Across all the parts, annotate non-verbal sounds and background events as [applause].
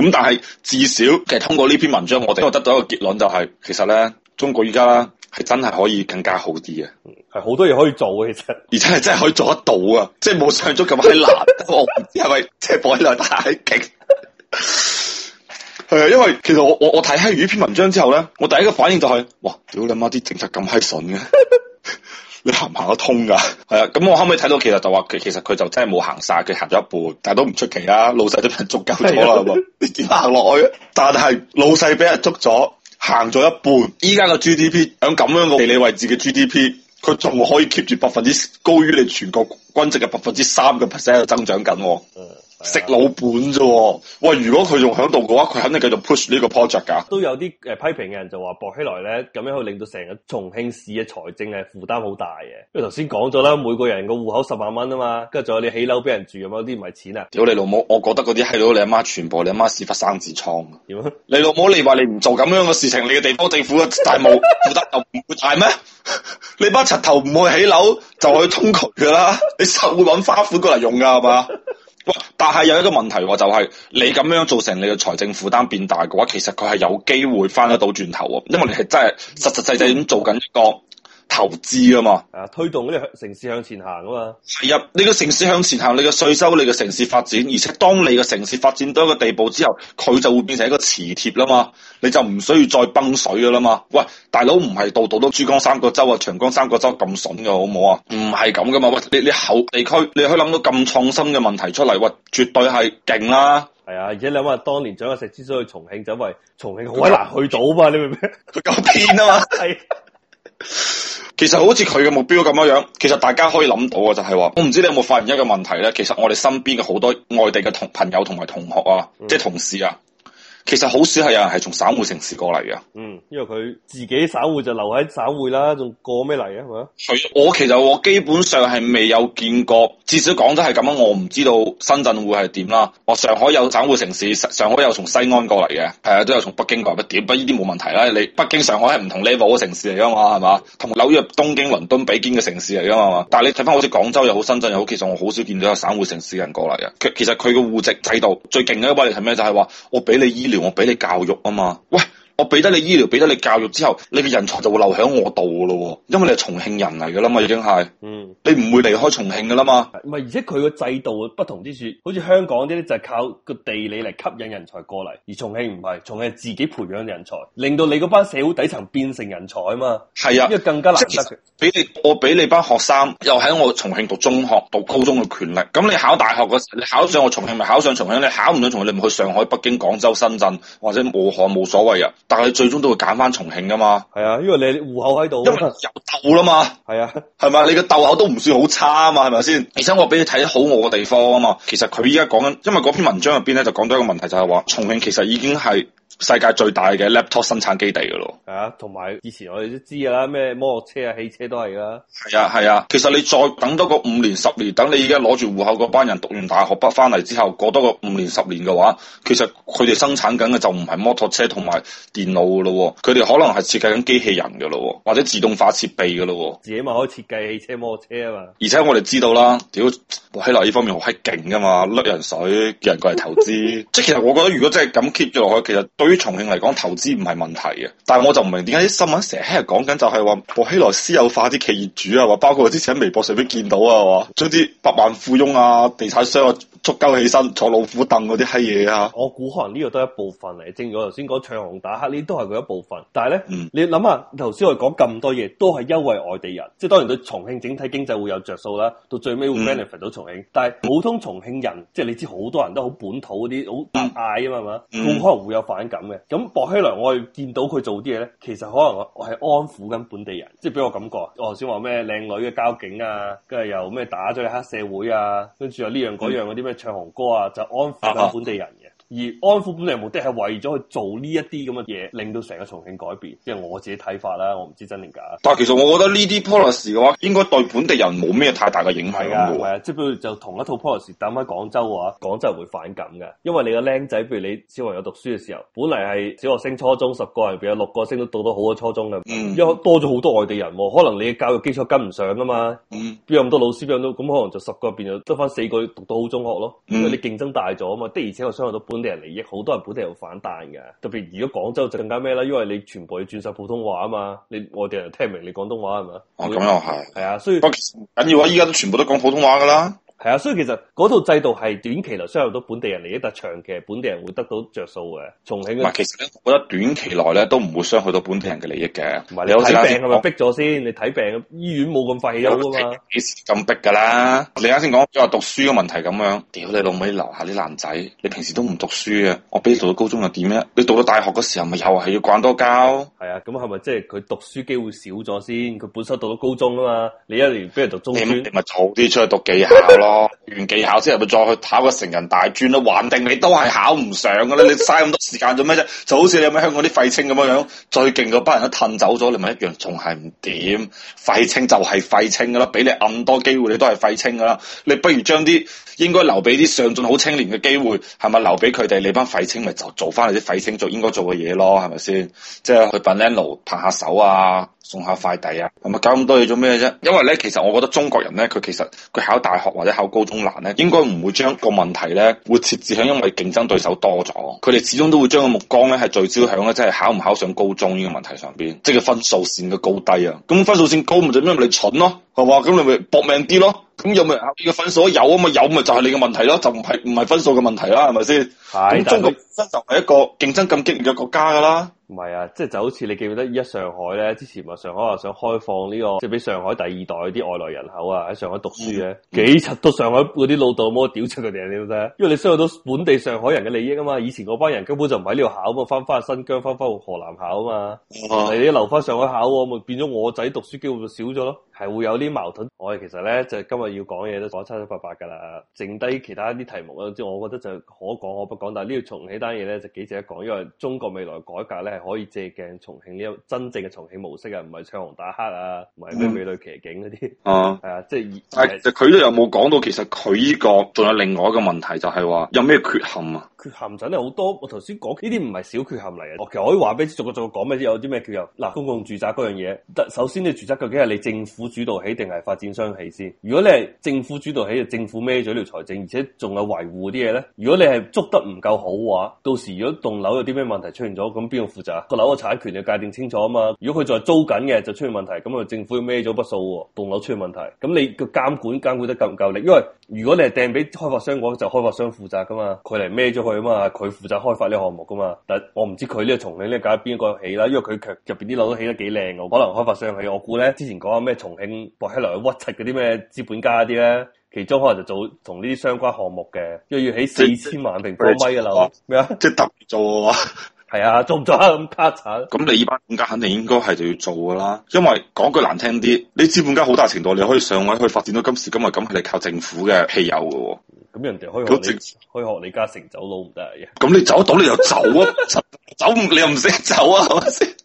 咁但係至少其實通過呢篇文章，我哋都得到一個結論，就是，就係其實咧，中國依家係真係可以更加好啲嘅，係好多嘢可以做嘅，其實而且係真係可以做得到啊，即係冇上足咁閪難， [laughs] 我唔知係咪即係擺兩大極？啊， [laughs] [laughs] 因為其實我我我睇開呢篇文章之後咧，我第一個反應就係，是，哇，屌你媽啲政策咁閪順嘅。 [laughs] 你行唔行得通噶？係 [laughs] 啊，咁我後尾睇到其，其實就話，其其實佢就真係冇行晒，佢行咗一半，但係都唔出奇啦。老細都俾人捉夠咗啦，行落去， [laughs] 但係老細俾人捉咗，行咗一半。依家個 G D P 響咁樣個地理位置嘅 G D P，佢仲可以 keep 住百分之高於你全國均值嘅百分之三嘅 percent 增長緊、哦。嗯食老本啫，喂！如果佢仲喺度嘅話，佢肯定繼續 push 呢個 project 噶。都有啲誒批評嘅人就話，薄熙來咧咁樣去令到成個重慶市嘅財政係負擔好大嘅。因為頭先講咗啦，每個人個戶口十萬蚊啊嘛，跟住仲有你起樓俾人住咁樣嗰啲，唔係錢啊！屌你老母，我覺得嗰啲係到你阿媽全部你，全部你阿媽屎忽生痔瘡啊！樣你老母，你話你唔做咁樣嘅事情，你嘅地方政府嘅債務負擔就唔會大咩？ [laughs] 你班柒頭唔會起樓，就去通渠噶啦！你實會揾花款過嚟用噶係嘛？但係有一個問題，就係你咁樣造成你嘅財政負擔變大嘅話，其實佢係有機會翻得到轉頭喎，因為你係真係實實在在咁做緊一個。投資啊嘛，係啊，推動呢啲城市向前行啊嘛。係啊，你個城市向前行，你個稅收，你個城市發展，而且當你嘅城市發展到一個地步之後，佢就會變成一個磁鐵啦嘛，你就唔需要再泵水噶啦嘛。喂，大佬唔係度度都珠江三角洲啊、長江三角洲咁筍嘅好唔好啊？唔係咁噶嘛，喂，你你後地區，你可以諗到咁創新嘅問題出嚟，喂，絕對係勁啦。係啊，而且你諗下，當年蔣介石之所以去重慶，就為重慶好難去到啊嘛，你明唔明？佢夠偏啊嘛，係。 [laughs] 其實好似佢嘅目標咁樣樣，其實大家可以諗到嘅就係話，我唔知你有冇發現一個問題咧？其實我哋身邊嘅好多外地嘅同朋友同埋同學啊，嗯、即係同事啊。其實好少係有人係從省會城市過嚟嘅，嗯，因為佢自己省會就留喺省會啦，仲過咩嚟啊？係我其實我基本上係未有見過，至少廣州係咁樣，我唔知道深圳會係點啦。我上海有省會城市，上海有從西安過嚟嘅，係啊，都有從北京過嚟，不過呢啲冇問題啦。你北京、上海係唔同 level 嘅城市嚟噶嘛，係嘛？同紐約、東京、倫敦比肩嘅城市嚟噶嘛？但係你睇翻好似廣州又好，深圳又好，其實我好少見到有省會城市人過嚟嘅。佢其實佢個戶籍制度最勁嘅一個位係咩？就係話我俾你我俾你教育啊嘛，喂！我俾得你醫療，俾得你教育之後，你嘅人才就會留喺我度噶咯。因為你係重慶人嚟噶啦嘛，已經係。嗯。你唔會離開重慶噶啦嘛。唔係，而且佢個制度不同之處，好似香港啲咧就係靠個地理嚟吸引人才過嚟，而重慶唔係，重慶係自己培養人才，令到你嗰班社會底層變成人才啊嘛。係啊。因為更加難得。俾你，我俾你班學生又喺我重慶讀中學、讀高中嘅權力，咁你考大學嘅時候，你考上我重慶咪的考上重慶？你考唔到重慶，你咪去，去上海、北京、廣州、深圳或者武漢冇所謂啊。但係你最終都會揀翻重慶噶嘛？係啊，因為你戶口喺度，因為有斗啦嘛。係啊，係咪？你嘅斗口都唔算好差啊嘛？係咪先？而且我俾你睇好我嘅地方啊嘛。其實佢而家講緊，因為嗰篇文章入邊咧就講到一個問題就，就係話重慶其實已經係世界最大嘅 laptop 生產基地噶咯，啊，同埋以前我哋都知噶啦，咩摩托車啊、汽車都係噶，係啊係啊。其實你再等多個五年、十年，等你而家攞住戶口嗰班人讀完大學北翻嚟之後，過多個五年、十年嘅話，其實佢哋生產緊嘅就唔係摩托車同埋電腦噶咯，佢哋可能係設計緊機器人噶咯，或者自動化設備噶咯，自己咪可以設計汽車、摩托車啊嘛。而且我哋知道啦，屌，馬來西亞呢方面好係勁噶嘛，甩人水，叫人過嚟投資。 [laughs] 即係其實我覺得如果真係咁 keep 住落去，其實。對於重慶嚟講，投資唔係問題嘅，但係我就唔明點解啲新聞成日講緊就係話薄熙來私有化啲企業主啊，或包括我之前喺微博上面見到啊，哇，將啲百萬富翁啊、地產商啊，捉鳩起身坐老虎凳嗰啲閪嘢啊！我估可能呢個都係一部分嚟，正如我頭先講唱紅打黑呢都係佢一部分。但係咧、嗯，你諗下頭先我哋講咁多嘢，都係優惠外地人，即係當然對重慶整體經濟會有着數啦。到最尾會 benefit 到重慶，嗯、但係普通重慶人，即係你知好多人都好本土嗰啲好狹隘啊嘛，咁可能會有反感嘅。咁薄熙來起嚟，我哋見到佢做啲嘢咧，其實可能我係安撫緊本地人，即係俾我感覺。我頭先話咩靚女嘅交警啊，跟住又咩打咗黑社會啊，跟住又呢樣嗰樣嗰啲咩。唱紅歌啊，就是，安撫下本地人嘅。啊啊而安撫本地人目的係為咗去做呢一啲咁嘅嘢，令到成個重慶改變，即係我自己睇法啦。我唔知真定假。但係其實我覺得呢啲 policy 嘅話，應該對本地人冇咩太大嘅影響㗎。係啊，即係譬如就同一套 policy 打翻廣州嘅話，廣州人會反感嘅，因為你個僆仔，譬如你小學有讀書嘅時候，本嚟係小學升初中十個人入邊有六個升到讀到好嘅初中嘅，嗯、因為多咗好多外地人喎，可能你嘅教育基礎跟唔上㗎嘛。邊、嗯、有咁多老師咁都咁可能就十個入邊就得翻四個讀到好中學咯，嗯、因為你競爭大咗啊嘛。的而且確傷害到、嗯、本本地人利益，好多人本地人反彈嘅，特別如果廣州就更加咩啦，因為你全部要轉晒普通話啊嘛，你外地人聽唔明你廣東話係咪？哦，咁又係係啊，所以緊要啊！依家都全部都講普通話噶啦。係啊，所以其實嗰套制度係短期內傷害到本地人利益特，但長嘅本地人會得到着數嘅。重慶其實咧，我覺得短期內咧都唔會傷害到本地人嘅利益嘅。唔係你睇病啊，我嘛，我逼咗先，你睇病醫院冇咁快休啊嘛，咁逼噶啦。你啱先講即係讀書嘅問題咁樣，屌你老母，留下啲爛仔，你平時都唔讀書啊？我俾你讀到高中又點咧？你讀到大學嘅時候咪又係要慣多交？係啊，咁係咪即係佢讀書機會少咗先？佢本身讀到高中啊嘛，你一年不如讀中專，你咪早啲出去讀技校咯。 [laughs] 哦、完技巧之後咪再去考個成人大專咯，橫定你都係考唔上噶咧，你嘥咁多時間做咩啫？就好似你有咁香港啲廢青咁樣樣，最勁嗰班人都褪走咗，你咪一樣仲係唔掂？廢青就係廢青噶啦，俾你咁多機會你都係廢青噶啦，你不如將啲應該留俾啲上進好青年嘅機會，係咪留俾佢哋？你班廢青咪就，就做翻你啲廢青做應該做嘅嘢咯，係咪先？即係去扮靚佬、拍下手啊、送下快遞啊，係咪搞咁多嘢做咩啫？因為咧，其實我覺得中國人咧，佢其實佢考大學或者考考高中難咧，應該唔會將個問題咧，會設置喺，因為競爭對手多咗，佢哋始終都會將個目光咧係聚焦響咧，即係考唔考上高中呢個問題上邊，即係分數線嘅高低啊。咁分數線高咪就因為你蠢咯，係嘛？咁你咪搏命啲咯。咁有咪個分數有啊嘛？有咪就係你嘅問題咯，就唔係唔係分數嘅問題啦，係咪先？係中國本身就係一個競爭咁激烈嘅國家噶啦。唔係啊，即、就、係、是、就好似你記唔記得依家上海咧？之前啊，上海話想開放呢、這個，即係俾上海第二代啲外來人口啊喺上海讀書嘅，幾柒都上海嗰啲老豆冇屌出佢哋，你都睇，因為你收到本地上海人嘅利益啊嘛。以前嗰班人根本就唔喺呢度考啊，翻翻去新疆，翻翻去河南考啊嘛。你留翻上海考，咪變咗我仔讀書機會就少咗咯。係會有啲矛盾，我哋其實咧就今日要講嘢都講七七八八噶啦，剩低其他啲題目啦，即係我覺得就可講可不講，但係呢個重慶單嘢咧就幾值得講，因為中國未來改革咧係可以借鏡重慶呢真正嘅重慶模式啊，唔係唱紅打黑啊，唔係咩美女騎警嗰啲，哦、嗯，係 [laughs] [laughs] 啊，即係，係，佢都有冇講到其實佢呢個仲有另外一個問題就係話有咩缺陷啊？缺陷真係好多，我頭先講呢啲唔係小缺陷嚟嘅。Okay, 我其實可以話俾逐個逐個講咩啲有啲咩缺陷嗱，公共住宅嗰樣嘢，首先你住宅究竟係你政府主導起定係發展商起先？如果你係政府主導起，就政府孭咗條財政，而且仲有維護啲嘢咧。如果你係捉得唔夠好話，到時如果棟樓有啲咩問題出現咗，咁邊個負責？個樓嘅產權要界定清楚啊嘛。如果佢再租緊嘅，就出現問題，咁啊政府要孭咗筆數喎。棟樓出現問題，咁你個監管監管得夠唔夠力？因為如果你係掟俾開發商嘅就開發商負責噶嘛，佢嚟孭咗。佢嘛，佢負責開發呢個項目噶嘛，但係我唔知佢呢個重慶呢架邊個起啦，因為佢劇入邊啲樓都起得幾靚嘅，可能開發商係我估咧，之前講下咩重慶博起來屈柒嗰啲咩資本家啲咧，其中可能就做同呢啲相關項目嘅，因為要起是四千萬平方米嘅樓，咩啊是？麼即係特別做喎。 [laughs] 係啊，做唔做都咁卡產。咁、啊、你依班資本家肯定應該係就要做噶啦，因為講句難聽啲，你資本家好大程度，你可以上位去發展到今時今日，咁佢哋靠政府嘅庇佑噶。咁、嗯、人哋可以學你，正可以學李嘉誠走佬唔得嘅。咁你走得到你又走啊， [laughs] 走唔你又唔識走啊。 [laughs] [laughs]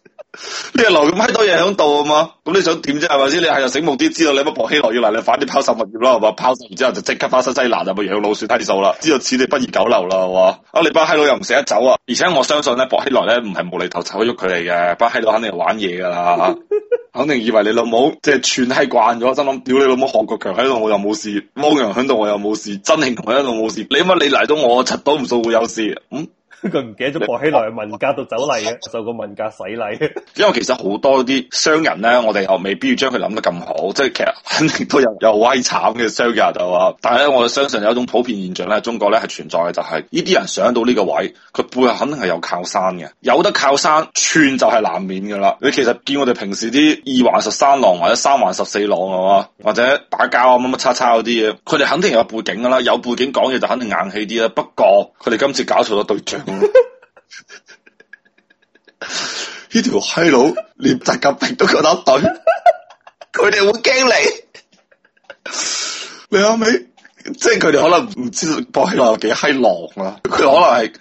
你留咁閪多嘢喺度啊嘛，咁你想點啫係咪先？你係又醒目啲，知道你乜薄熙來要嚟，你快啲拋售物業咯，係嘛？拋售完之後就即刻返新西蘭啊，咪養老鼠睇數啦，知道此地不宜久留啦，係嘛？啊，你班閪佬又唔捨得走啊，而且我相信咧，薄熙來咧唔係無厘頭走喐佢嚟嘅，班閪佬肯定係玩嘢噶啦， [laughs] 肯定以為你老母即係串閪慣咗，心諗屌你老母韓國強喺度我又冇事，汪洋喺度我又冇事，真係同佢喺度冇事，你乜你嚟到我柒到唔數會有事，嗯。佢唔 [laughs] 記得咗薄熙來係文革度走嚟嘅，受個文革洗禮。因為其實好多啲商人咧，我哋又未必要將佢諗得咁好，即係其實肯定都有有威慘嘅商 e 就話但係咧，我哋相信有一種普遍現象咧，中國咧係存在嘅、就是，就係呢啲人上到呢個位，佢背後肯定係有靠山嘅。有得靠山，串就係難免噶啦。你其實見我哋平時啲二環十三郎或者三環十四郎啊，嘛，或者打交啊乜乜叉叉嗰啲嘢，佢哋肯定有背景噶啦。有背景講嘢就肯定硬氣啲啦。不過佢哋今次搞錯咗對象。呢條閪佬連習近平都覺得對，佢哋會驚你。你阿尾，即係佢哋可能唔知道薄熙來有幾閪狼啦，佢可能係。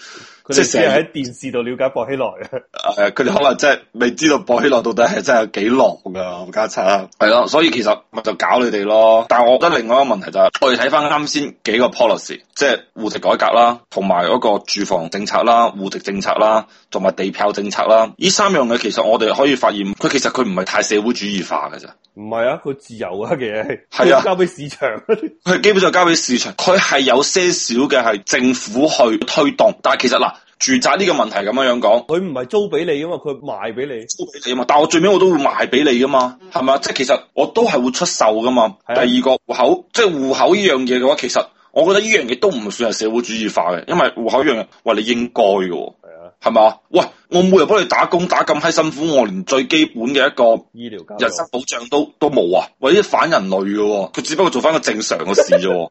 即係成日喺電視度了解薄熙來啊！係佢哋可能真係未知道薄熙來到底係真係幾狼噶，吳家策係咯。所以其實我就搞你哋咯。但係我覺得另外一個問題就係，我哋睇翻啱先幾個 policy，即係戶籍改革啦，同埋嗰個住房政策啦、戶籍政策啦，同埋地票政策啦。呢三樣嘢其實我哋可以發現，佢其實佢唔係太社會主義化嘅咋，唔係啊，佢自由啊，嘅。其實係啊，交俾市場的。佢 [laughs] 基本上交俾市場，佢係有些少嘅係政府去推動，但係其實嗱。住宅呢個問題咁樣樣講，佢唔係租俾你啊嘛，佢賣俾你。租俾你啊嘛，但係我最屘我都會賣俾你噶嘛，係咪啊？即係其實我都係會出售噶嘛。的第二個戶口，即係戶口呢樣嘢嘅話，其實我覺得呢樣嘢都唔算係社會主義化嘅，因為戶口呢樣嘢，喂，你應該嘅係啊，係咪啊，喂。我每日幫你打工打咁閪辛苦，我連最基本嘅一個醫療、人身保障都都冇啊！或者反人類嘅、哦，佢只不過做翻個正常嘅事啫， [laughs] [laughs]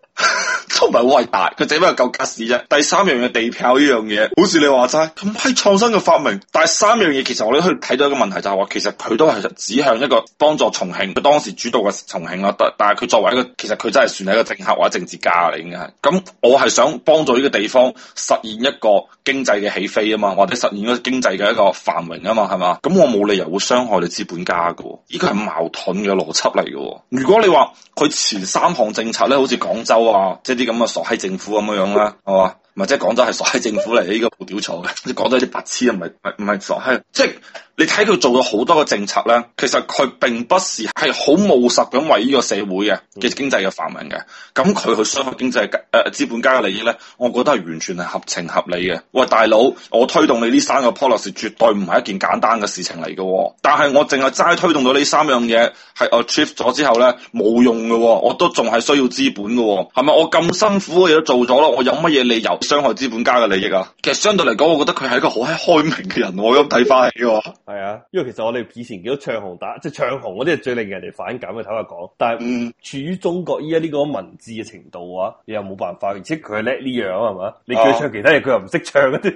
都唔係好偉大。佢只不過夠格屎啫。第三樣嘅地票呢樣嘢，好似你話齋咁閪創新嘅發明。第三樣嘢，其實我哋可以睇到一個問題，就是，就係話其實佢都係指向一個幫助重慶，佢當時主導嘅重慶咯。但係佢作為一個，其實佢真係算係一個政客或者政治家嚟，應該係。咁我係想幫助呢個地方實現一個經濟嘅起飛啊嘛，或者實現一個經。一個繁榮啊嘛，係嘛？咁我冇理由會傷害你資本家噶，依個係矛盾嘅邏輯嚟噶。如果你話佢前三項政策咧，好似廣州啊，即係啲咁嘅傻閪政府咁樣樣啦，係嘛、嗯？唔係，即係廣州係傻閪政府嚟，呢個冇屌錯嘅。你廣州啲白痴啊，唔係唔係，傻即係你睇佢做咗好多個政策咧，其實佢並不是係好務實咁為呢個社會嘅嘅經濟嘅繁榮嘅，咁佢去傷害經濟嘅誒、呃、資本家嘅利益咧，我覺得係完全係合情合理嘅。喂，大佬，我推動你呢三個 policy 絕對唔係一件簡單嘅事情嚟嘅喎，但係我淨係齋推動到呢三樣嘢係 achieve 咗之後咧冇用嘅喎，我都仲係需要資本嘅喎，係咪我咁辛苦嘅嘢都做咗囉？我有乜嘢理由？傷害資本家嘅利益啊！其實相對嚟講，我覺得佢係一個好開明嘅人喎，咁睇翻起喎。係啊，因為其實我哋以前幾多唱紅打，即係唱紅嗰啲係最令人哋反感嘅坦白講。但係、嗯、處於中國依家呢個文字嘅程度啊，你又冇辦法。而且佢叻呢樣係咪？你叫佢唱其他嘢，佢又唔識唱啲。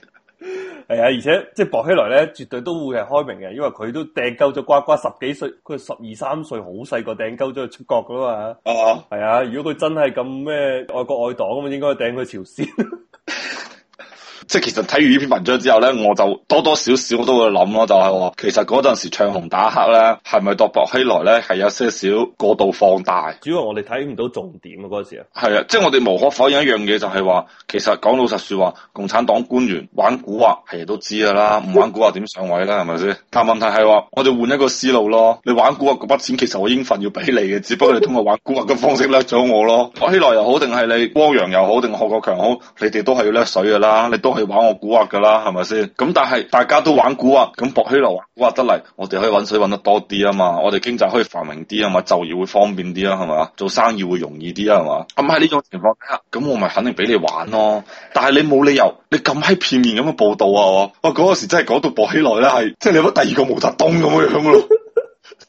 [laughs] 係啊，而且即係薄熙來咧，絕對都會係開明嘅，因為佢都掟鳩咗瓜瓜，十幾歲，佢十二三歲，好細個掟鳩咗出國噶啦嘛。係啊，如果佢真係咁咩愛國愛黨啊嘛，應該掟佢朝鮮。 [laughs] 即係其實睇完呢篇文章之後咧，我就多多少少我都會諗咯，就係話，其實嗰陣時唱紅打黑咧，係咪度薄熙來咧係有些少過度放大？主要我哋睇唔到重點啊嗰陣時啊。係啊，即係我哋無可否認一樣嘢，就係話其實講老實説話，共產黨官員玩蠱惑係人都知噶啦，唔玩蠱惑點上位咧？係咪先？但問題係話我哋換一個思路咯，你玩蠱惑嗰筆錢其實我應份要俾你嘅，只不過你通過玩蠱惑嘅方式甩咗我咯。薄熙 [laughs] 來又好，定係你汪洋又好，定何國強好，你哋都係要甩水噶啦，你都係。你玩我蠱惑噶啦，係咪先？咁但係大家都玩蠱惑，咁薄熙來蠱惑得嚟，我哋可以搵水搵得多啲啊嘛，我哋經濟可以繁榮啲啊嘛，就業會方便啲啊，係嘛，做生意會容易啲啊嘛，咁喺呢種情況底下，咁我咪肯定俾你玩咯。但係你冇理由，你咁閪片面咁樣報道啊！我我嗰、那個、時真係嗰度薄熙來咧，係、那個、即係你有乜第二個毛澤東咁樣咯。 [laughs]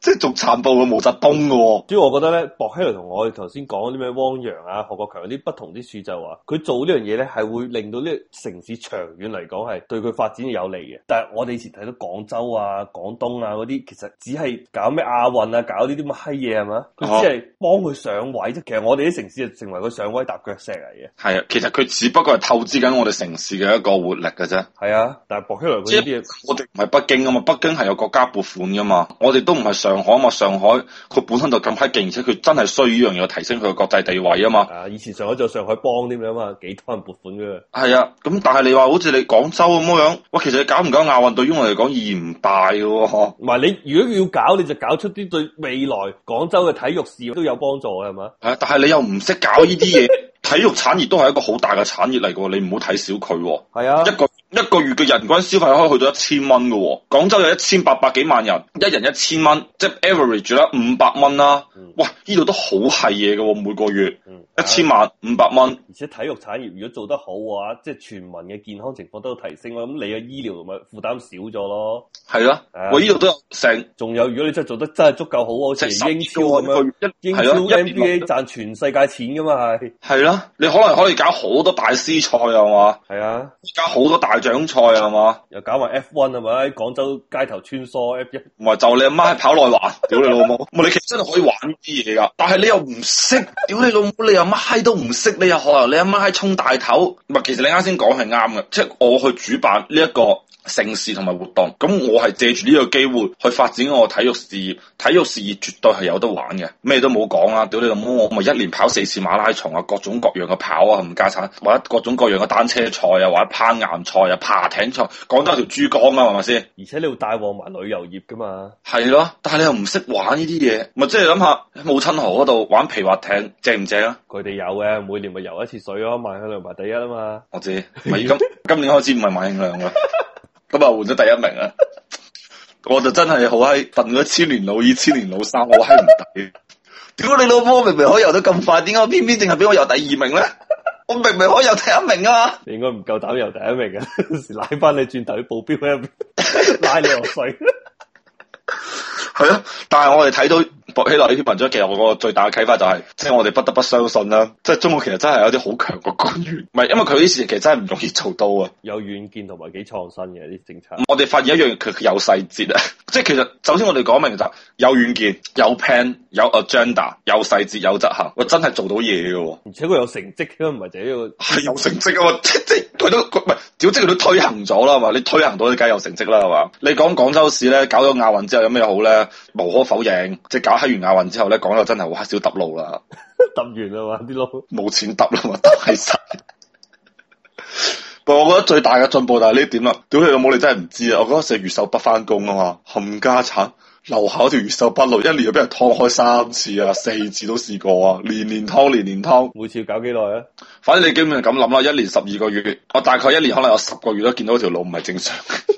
即係仲殘暴過毛澤東嘅。哦，主要我覺得咧，薄熙來同我哋頭先講啲咩汪洋啊、何國強嗰、啊、啲、啊、不同啲處就話，佢做呢樣嘢咧係會令到呢城市長遠嚟講係對佢發展有利嘅。但係我哋以前睇到廣州啊、廣東啊嗰啲，其實只係搞咩亞運啊、搞呢啲咁嘅閪嘢係嘛，佢只係幫佢上位啫。哦、其實我哋啲城市就成為個上位踏腳石嚟嘅。係啊，其實佢只不過係透支緊我哋城市嘅一個活力嘅啫。係啊，但係薄熙來即係我哋唔係北京啊嘛，北京係有國家撥款噶嘛，我哋都唔係上。上海嘛，上海佢本身就咁閪勁，而且佢真係需要呢樣嘢提升佢嘅國際地位啊嘛。啊，以前上海就上海幫啲咁樣啊嘛，幾多人撥款嘅。係啊，咁但係你話好似你廣州咁樣，哇，其實你搞唔搞亞運對於我嚟講意義唔大嘅，吓。唔係你如果要搞，你就搞出啲對未來廣州嘅體育事業都有幫助嘅，係嘛？係，但係你又唔識搞呢啲嘢。 [laughs] 體育產業都係一個好大嘅產業嚟嘅，你唔好睇小佢喎。係啊， [noise] 一個一個月嘅人均消費可以去到一千蚊嘅，廣州有一千八百幾萬人，一人一千蚊，即係 average 啦，五百蚊啦， [noise] 哇！呢度都好係嘢嘅，每個月。 [noise] [noise] 一千萬五百蚊，而且體育產業如果做得好嘅話，即係全民嘅健康情況都有提升，咁你嘅醫療同埋負擔少咗咯。係咯，我呢度都有成，仲有，如果你真係做得真係足夠好，好似英超咁樣，英超 NBA 賺全世界錢噶嘛係，係咯，你可能可以搞好多大師賽啊嘛，係啊，而家好多大獎賽啊嘛，又搞埋 F1 係咪？喺廣州街頭穿梭 F1，唔係就你阿媽喺跑內環，屌你老母，唔係，你其實真係可以玩啲嘢噶，但係你又唔識，屌你老母，你乜閪都唔識你，你又學又你阿媽閪充大頭，唔係，其實你啱先講係啱嘅，即係我去主辦呢一個。城市同埋活動，咁我係借住呢個機會去發展我嘅體育事業，體育事業絕對係有得玩嘅，咩都冇講啊。屌你老母，我咪一年跑四次馬拉松啊，各種各樣嘅跑啊，唔加餐，或者各種各樣嘅單車賽啊，或者攀岩賽啊，爬艇賽，啊，廣州有條珠江啊，係咪先？而且你會帶旺埋旅遊業噶嘛？係咯，啊，但係你又唔識玩呢啲嘢，咪即係諗下，母親河嗰度玩皮划艇正唔正啊？佢哋有嘅，啊，每年咪游一次水咯，啊，萬慶良排第一啦嘛。我知，唔係今 [laughs] 今年開始唔係萬慶良啦。咁啊，換咗第一名啊！ [laughs] 我就真係好閪，瞓咗千年老二、千年老三，我閪唔抵。屌 [laughs] 你老母，明明可以游得咁快，點解偏偏淨係俾我游第二名咧？我明明可以游第一名啊！你應該唔夠膽游第一名啊！時賴翻你轉頭去報標嗰入邊，拉你落水。 [laughs] 係啊，但係我哋睇到薄熙來呢篇文章，其實我個最大嘅啟發就係，即係我哋不得不相信啦，即係中國其實真係有啲好強嘅官員。唔係，因為佢啲事實其實真係唔容易做到啊。有遠見同埋幾創新嘅啲政策。我哋發現一樣，佢有細節啊。即係其實，首先我哋講明就，有遠見，有 plan，有 agenda，有細節，有執行，佢真係做到嘢嘅。而且佢有成績，都唔係淨係呢個。係有成績啊！即係佢都唔係，至少佢都推行咗啦嘛。你推行到，你梗係有成績啦嘛。你講廣州市咧，搞咗亞運之後有咩好咧？無可否認，即係搞黑完亞運之後咧，講到真係好黑，少揼路啦，揼完啊嘛，啲路冇錢揼啦嘛，揼係實。不過我覺得最大嘅進步就係呢點啦，屌你老母，你真係唔知啊！ [laughs] 我嗰時越秀北翻工啊嘛，冚家鏟留下嗰條越秀北路，一年就俾人劏開三次啊，四次都試過啊，年年劏，年年劏， [laughs] 每次要搞幾耐咧？反正你基本上咁諗啦，一年十二,十二個月，我大概一年可能有十,二十,二個，月十,二十二個月都見到條路唔係正常。 [laughs]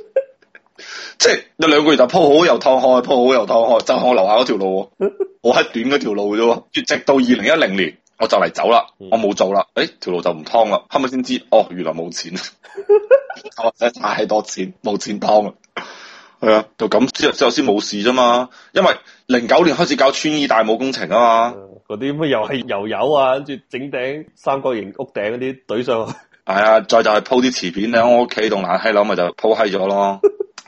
即係有兩個月就鋪好又劏開，鋪好又劏開，就我樓下嗰條路，我係短嗰條路啫。直到二零一零年，我就嚟走啦，我冇做啦。誒，條路就唔劏啦，後尾先知哦，原來冇錢，哦，太多錢冇錢劏啦。係啊，就咁之後先冇事啫嘛。因為零九年開始搞穿衣戴帽工程啊嘛，嗰啲咩油氣又有啊，跟住整頂三角形屋頂嗰啲懟上去。係啊，再就係鋪啲瓷片你喺我屋企棟爛氣樓，咪就鋪閪咗咯。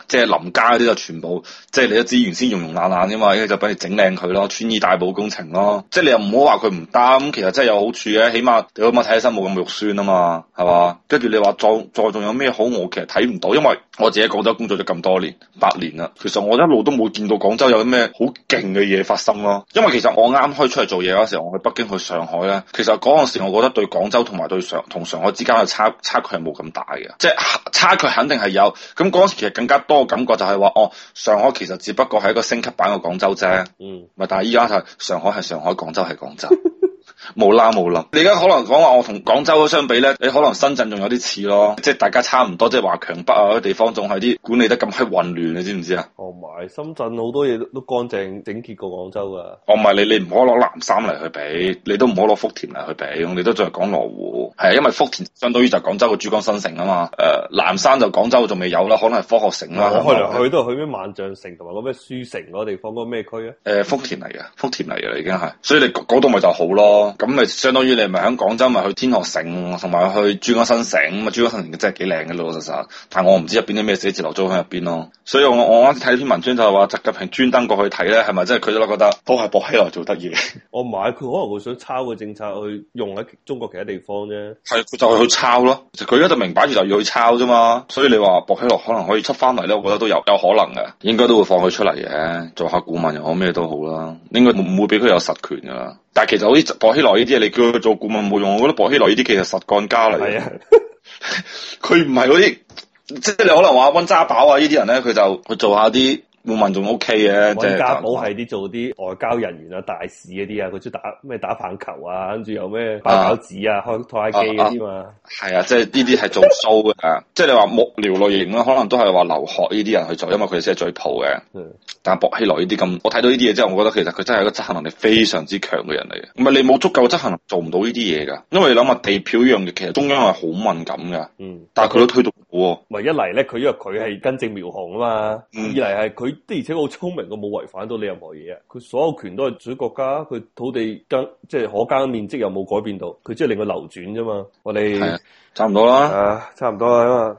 即係臨街嗰啲就全部，即係你都知原先溶溶爛爛嘅嘛，跟住就幫你整靚佢咯，穿衣大補工程咯。即係你又唔好話佢唔擔，其實真係有好處嘅，起碼你起碼睇起身冇咁肉酸啊嘛，係嘛？跟住你話再再仲有咩好？我其實睇唔到，因為我自己喺廣州工作咗咁多年，八年啦，其實我一路都冇見到廣州有啲咩好勁嘅嘢發生咯。因為其實我啱開出嚟做嘢嗰陣時候，我去北京去上海咧，其實嗰陣時我覺得對廣州同埋對上同上海之間嘅差差距係冇咁大嘅，即係差距肯定係有。咁嗰陣時其實更加多。個感覺就係話，哦，上海其實只不過係一個升級版嘅廣州啫，嗯，咪但係依家就係上海係上海，廣州係廣州。 [laughs] 冇啦冇啦，沒了沒了，你而家可能講話我同廣州相比咧，你可能深圳仲有啲似咯，即係大家差唔多，即係華強北啊嗰啲地方仲係啲管理得咁閪混亂，你知唔知啊？哦，唔係，深圳好多嘢都都乾淨整潔過廣州噶。哦，唔係，你你唔可攞南山嚟去比，你都唔可攞福田嚟去比、比，我哋都仲係講羅湖。係啊，因為福田相當於就係廣州嘅珠江新城啊嘛。誒、呃，南山就廣州仲未有啦，可能係科學城啦。我、哦、嗎去都去咩萬象城同埋嗰咩書城嗰地方嗰咩區啊？誒、呃，福田嚟嘅，福田嚟嘅已經係，所以你嗰度咪就好咯。咁咪相當於你咪喺廣州咪去天河城，同埋去珠江新城咁啊！珠江新城真係幾靚嘅咯，其實實。但係我唔知入邊啲咩寫字樓租喺入邊咯。所以我我啱睇篇文章就係話習近平專登過去睇咧，係咪真係佢都覺得都係薄熙來做得嘢？我唔係，佢可能會想抄個政策去用喺中國其他地方啫。係，佢就係去抄咯。佢而家就明擺住就要去抄啫嘛。所以你話薄熙來可能可以出翻嚟咧，我覺得都有有可能嘅，應該都會放佢出嚟嘅，做下顧問又好咩都好啦。應該唔會俾佢有實權㗎喇。但係其實好似薄熙來呢啲啊，你叫佢做顧問冇用，我覺得薄熙來呢啲其實實幹家嚟嘅，佢唔係嗰啲，即係你可能話溫家寶啊呢啲人咧，佢就去做下啲。冇問仲 O K 嘅，温、OK 就是，家寶係啲做啲外交人員啊、大使嗰啲啊，佢中打咩打棒球啊，跟住有咩包餃子啊，開拖拉機嗰啲嘛。係啊，即係呢啲係做 show 嘅，即係你話幕僚類型咯，可能都係話留學呢啲人去做，因為佢哋先係最 pro 嘅。嗯、但係薄熙來呢啲咁，我睇到呢啲嘢之後，我覺得其實佢真係一個執行能力非常之強嘅人嚟嘅。唔係你冇足夠嘅執行，做唔到呢啲嘢噶。因為你諗下地票呢樣嘢，其實中央係好敏感噶。嗯，但係佢都推動到喎。咪、嗯、一嚟咧，佢因為佢係根正苗紅啊嘛。二嚟係佢。的而且好聰明，我冇違反到你任何嘢啊！佢所有權都係屬於國家，佢土地耕即係可耕面積又冇改變到，佢只係令佢流轉啫嘛。我哋差唔多啦，差唔多啦嘛。啊